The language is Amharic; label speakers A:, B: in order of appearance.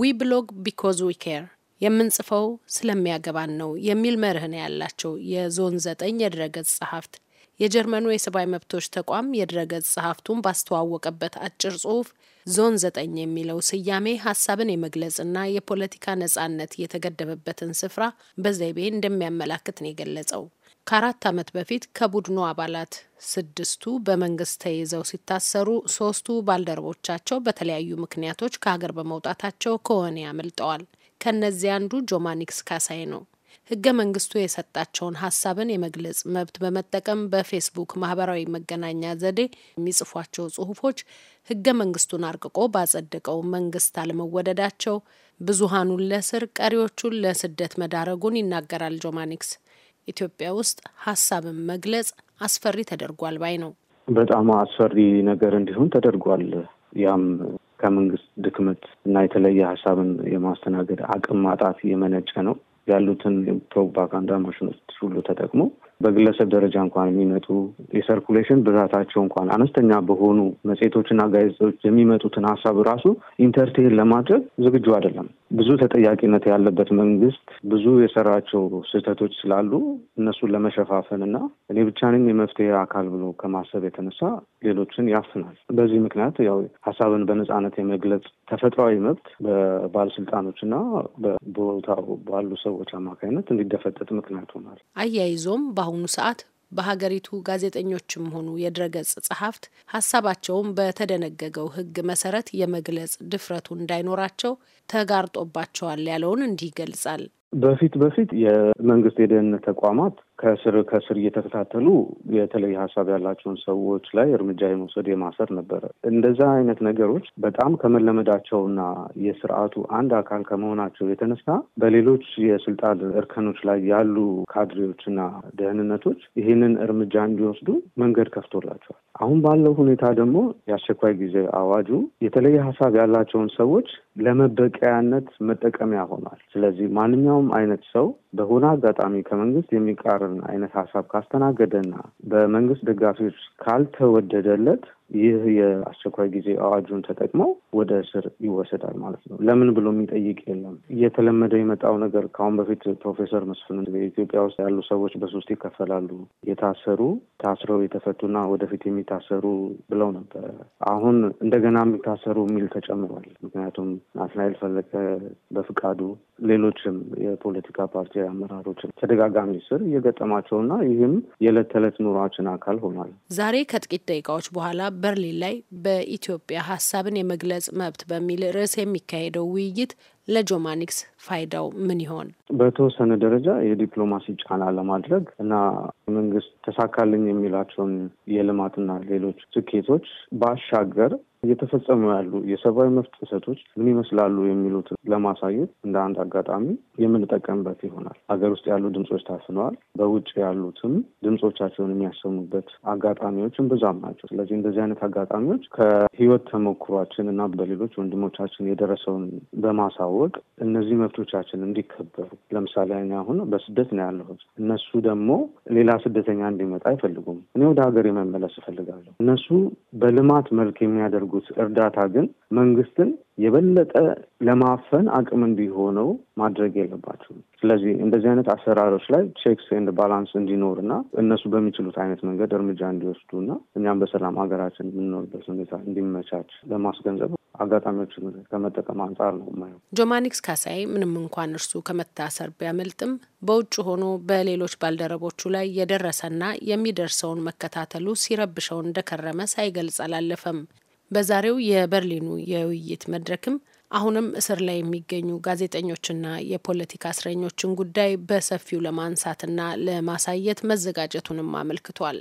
A: ዊ ብሎግ ቢኮዝ ዊ ኬር የምንጽፈው ስለሚያገባን ነው የሚል መርህን ያላቸው የዞን ዘጠኝ የድረገጽ ጸሐፍት። የጀርመኑ የሰብአዊ መብቶች ተቋም የድረገጽ ጸሐፍቱን ባስተዋወቀበት አጭር ጽሑፍ ዞን ዘጠኝ የሚለው ስያሜ ሀሳብን የመግለጽና የፖለቲካ ነጻነት የተገደበበትን ስፍራ በዘይቤ እንደሚያመላክት ነው የገለጸው። ከአራት ዓመት በፊት ከቡድኑ አባላት ስድስቱ በመንግስት ተይዘው ሲታሰሩ ሶስቱ ባልደረቦቻቸው በተለያዩ ምክንያቶች ከሀገር በመውጣታቸው ከሆነ ያመልጠዋል። ከእነዚህ አንዱ ጆማኒክስ ካሳይ ነው። ህገ መንግስቱ የሰጣቸውን ሀሳብን የመግለጽ መብት በመጠቀም በፌስቡክ ማህበራዊ መገናኛ ዘዴ የሚጽፏቸው ጽሁፎች ህገ መንግስቱን አርቅቆ ባጸደቀው መንግስት አለመወደዳቸው ብዙሀኑን ለስር ቀሪዎቹን ለስደት መዳረጉን ይናገራል ጆማኒክስ ኢትዮጵያ ውስጥ ሀሳብን መግለጽ አስፈሪ ተደርጓል ባይ ነው።
B: በጣም አስፈሪ ነገር እንዲሆን ተደርጓል። ያም ከመንግስት ድክመት እና የተለየ ሀሳብን የማስተናገድ አቅም ማጣት የመነጨ ነው። ያሉትን ፕሮፓጋንዳ ማሽኖች ሁሉ ተጠቅሞ በግለሰብ ደረጃ እንኳን የሚመጡ የሰርኩሌሽን ብዛታቸው እንኳን አነስተኛ በሆኑ መጽሔቶችና ጋዜጦች የሚመጡትን ሀሳብ ራሱ ኢንተርቴን ለማድረግ ዝግጁ አይደለም። ብዙ ተጠያቂነት ያለበት መንግስት ብዙ የሰራቸው ስህተቶች ስላሉ እነሱን ለመሸፋፈን እና እኔ ብቻ ነኝ የመፍትሄ አካል ብሎ ከማሰብ የተነሳ ሌሎችን ያፍናል። በዚህ ምክንያት ያው ሀሳብን በነጻነት የመግለጽ ተፈጥሯዊ መብት በባለስልጣኖች እና በቦታው ባሉ ሰዎች አማካኝነት እንዲደፈጠጥ ምክንያት ሆኗል።
A: አያይዞም በአሁኑ ሰዓት በሀገሪቱ ጋዜጠኞችም ሆኑ የድረገጽ ጸሐፍት ሀሳባቸውን በተደነገገው ሕግ መሰረት የመግለጽ ድፍረቱ እንዳይኖራቸው ተጋርጦባቸዋል ያለውን እንዲህ ይገልጻል።
B: በፊት በፊት የመንግስት የደህንነት ተቋማት ከስር ከስር እየተከታተሉ የተለየ ሀሳብ ያላቸውን ሰዎች ላይ እርምጃ የመውሰድ የማሰር ነበረ። እንደዛ አይነት ነገሮች በጣም ከመለመዳቸውና የስርዓቱ አንድ አካል ከመሆናቸው የተነሳ በሌሎች የስልጣን እርከኖች ላይ ያሉ ካድሬዎችና ደህንነቶች ይህንን እርምጃ እንዲወስዱ መንገድ ከፍቶላቸዋል። አሁን ባለው ሁኔታ ደግሞ የአስቸኳይ ጊዜ አዋጁ የተለየ ሀሳብ ያላቸውን ሰዎች ለመበቀያነት መጠቀሚያ ሆኗል። ስለዚህ ማንኛውም አይነት ሰው በሆነ አጋጣሚ ከመንግስት የሚቃረን አይነት ሀሳብ ካስተናገደና በመንግስት ደጋፊዎች ካልተወደደለት ይህ የአስቸኳይ ጊዜ አዋጁን ተጠቅመው ወደ እስር ይወሰዳል ማለት ነው። ለምን ብሎ የሚጠይቅ የለም። እየተለመደ የመጣው ነገር ከአሁን በፊት ፕሮፌሰር መስፍን በኢትዮጵያ ውስጥ ያሉ ሰዎች በሶስት ይከፈላሉ፣ የታሰሩ ታስረው የተፈቱና ወደፊት የሚታሰሩ ብለው ነበረ። አሁን እንደገና የሚታሰሩ የሚል ተጨምሯል። ምክንያቱም ናትናኤል ፈለቀ፣ በፍቃዱ ሌሎችም የፖለቲካ ፓርቲ አመራሮችን ተደጋጋሚ ስር እየገጠማቸውና ይህም የዕለት ተዕለት ኑሯችን አካል ሆኗል።
A: ዛሬ ከጥቂት ደቂቃዎች በኋላ በርሊን ላይ በኢትዮጵያ ሀሳብን የመግለጽ መብት በሚል ርዕስ የሚካሄደው ውይይት ለጆማኒክስ ፋይዳው ምን ይሆን?
B: በተወሰነ ደረጃ የዲፕሎማሲ ጫና ለማድረግ እና መንግስት ተሳካልኝ የሚላቸውን የልማትና ሌሎች ስኬቶች ባሻገር እየተፈጸሙ ያሉ የሰብአዊ መብት ጥሰቶች ምን ይመስላሉ የሚሉት ለማሳየት እንደ አንድ አጋጣሚ የምንጠቀምበት ይሆናል። ሀገር ውስጥ ያሉ ድምጾች ታፍነዋል። በውጭ ያሉትም ድምጾቻቸውን የሚያሰሙበት አጋጣሚዎችን ብዛም ናቸው። ስለዚህ እንደዚህ አይነት አጋጣሚዎች ከህይወት ተሞክሯችን እና በሌሎች ወንድሞቻችን የደረሰውን በማሳወቅ እነዚህ መብቶቻችን እንዲከበሩ ለምሳሌ እኔ አሁን በስደት ነው ያለሁት። እነሱ ደግሞ ሌላ ስደተኛ እንዲመጣ አይፈልጉም። እኔ ወደ ሀገር መመለስ እፈልጋለሁ። እነሱ በልማት መልክ የሚያደርጉ የሚያደርጉት እርዳታ ግን መንግስትን የበለጠ ለማፈን አቅም እንዲሆነው ማድረግ የለባቸውም። ስለዚህ እንደዚህ አይነት አሰራሮች ላይ ቼክስ ኤንድ ባላንስ እንዲኖርና እነሱ በሚችሉት አይነት መንገድ እርምጃ እንዲወስዱና እኛም በሰላም ሀገራችን የምንኖርበት ሁኔታ እንዲመቻች ለማስገንዘብ አጋጣሚዎችን ከመጠቀም አንጻር ነው የማየው።
A: ጆማኒክስ ካሳይ ምንም እንኳን እርሱ ከመታሰር ቢያመልጥም በውጭ ሆኖ በሌሎች ባልደረቦቹ ላይ የደረሰና የሚደርሰውን መከታተሉ ሲረብሸው እንደከረመ ሳይገልጽ አላለፈም። በዛሬው የበርሊኑ የውይይት መድረክም አሁንም እስር ላይ የሚገኙ ጋዜጠኞችና የፖለቲካ እስረኞችን ጉዳይ በሰፊው ለማንሳትና ለማሳየት መዘጋጀቱንም አመልክቷል።